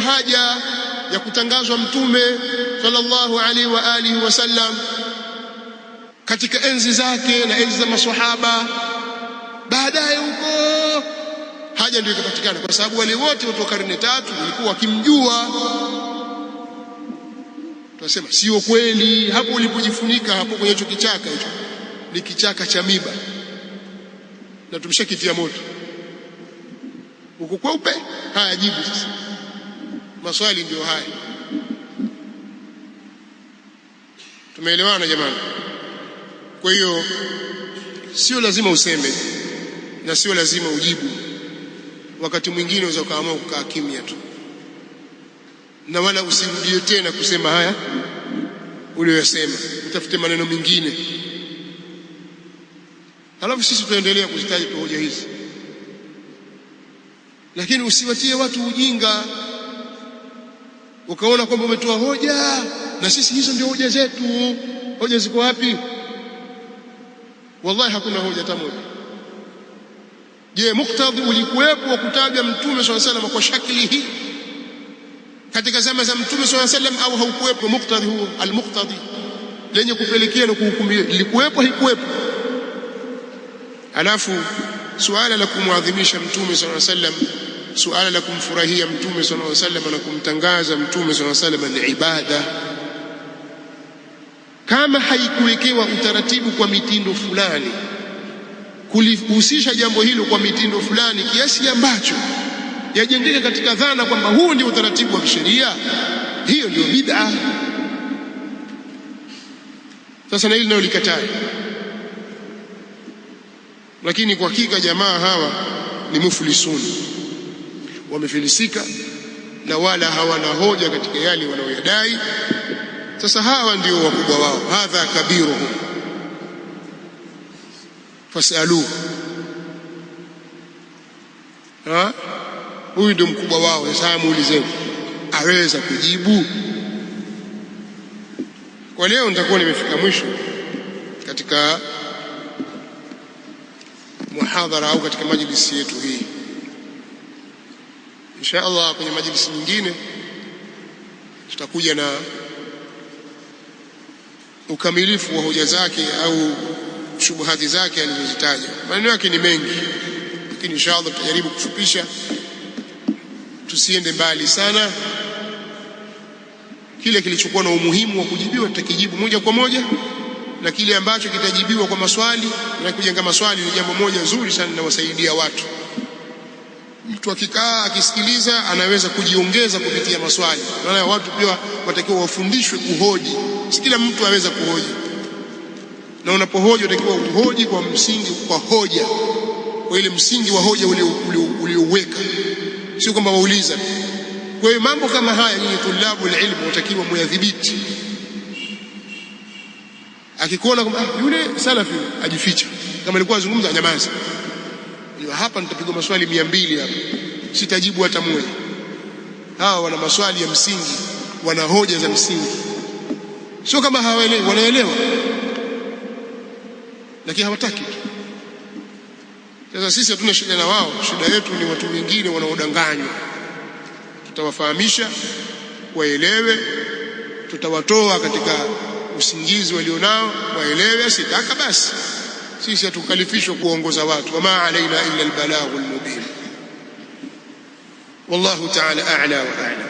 siku haja ya kutangazwa Mtume sallallahu alaihi wa alihi wasallam katika enzi zake na enzi za maswahaba, baadaye huko haja ndio ikapatikana, kwa sababu wale wote watu wa karne tatu walikuwa wakimjua. Tunasema sio kweli, hapo ulipojifunika hapo kwenye hicho kichaka, hicho ni kichaka cha miba na tumeshakitia moto, uko kweupe. Haya, jibu sasa maswali ndio haya. Tumeelewana jamani? Kwa hiyo sio lazima useme na sio lazima ujibu. Wakati mwingine unaweza ukaamua kukaa kimya tu, na wala usirudie tena kusema haya uliyosema, utafute maneno mengine, halafu sisi tutaendelea kuzitaja tu hoja hizi, lakini usiwatie watu ujinga ukaona kwamba umetoa hoja, na sisi hizo ndio hoja zetu. Hoja ziko wapi? Wallahi hakuna hoja hata moja. Je, muktadhi ulikuwepo wa kutaja Mtume swalla sallam kwa shakli hii katika zama za Mtume swalla sallam, au haukuwepo muktadhi huo? Almuktadhi lenye kupelekea na kuhukumia lilikuwepo, haikuwepo? Alafu suala la kumwadhimisha Mtume swalla sallam suala la kumfurahia mtume sallallahu alaihi wasallam na kumtangaza mtume sallallahu alaihi wasallam ni ibada. Kama haikuwekewa utaratibu kwa mitindo fulani, kulihusisha jambo hilo kwa mitindo fulani, kiasi ambacho yajengeka katika dhana kwamba huu ndio utaratibu wa kisheria, hiyo ndio bid'a. Sasa na hili nayo likatai, lakini kwa hakika jamaa hawa ni muflisuni wamefilisika na wala hawana hoja katika yale wanayoyadai. Sasa hawa ndio wakubwa wao, hadha kabiruhum ha? huyu ndio mkubwa wao. Sasa muulizeni, aweza kujibu? Kwa leo nitakuwa nimefika mwisho katika muhadhara au katika majlisi yetu hii insha Allah kwenye majlisi nyingine tutakuja na ukamilifu wa hoja zake au shubuhati zake alizozitaja. Maneno yake ni mengi, lakini insha Allah tutajaribu kufupisha, tusiende mbali sana. Kile kilichokuwa na umuhimu wa kujibiwa tutakijibu moja kwa moja, na kile ambacho kitajibiwa kwa maswali na kujenga maswali ni jambo moja zuri sana, linawasaidia watu. Mtu akikaa akisikiliza anaweza kujiongeza kupitia maswali. Maana watu pia watakiwa wafundishwe kuhoji, si kila mtu aweza kuhoji, na unapohoji watakiwa uhoji kwa msingi, kwa hoja, kwa ile msingi wa hoja uliouweka, sio kwamba wauliza. Kwa hiyo mambo kama haya nyinyi tulabu lilmu watakiwa muyadhibiti. Akikuona kwamba ah, yule salafi ajificha, kama alikuwa azungumza, anyamaza. Hapa nitapigwa maswali mia mbili hapa, sitajibu hata moja. Hawa wana maswali ya msingi, wana hoja za msingi, sio kama hawaelewi, wanaelewa lakini hawataki tu. Sasa sisi hatuna shida na wao, shida yetu ni watu wengine wanaodanganywa. Tutawafahamisha waelewe, tutawatoa katika usingizi walionao waelewe, sitaka basi sisi hatukalifishwa kuongoza watu, wama alaina illa albalaghu almubin. Wallahu taala a'la wa a'la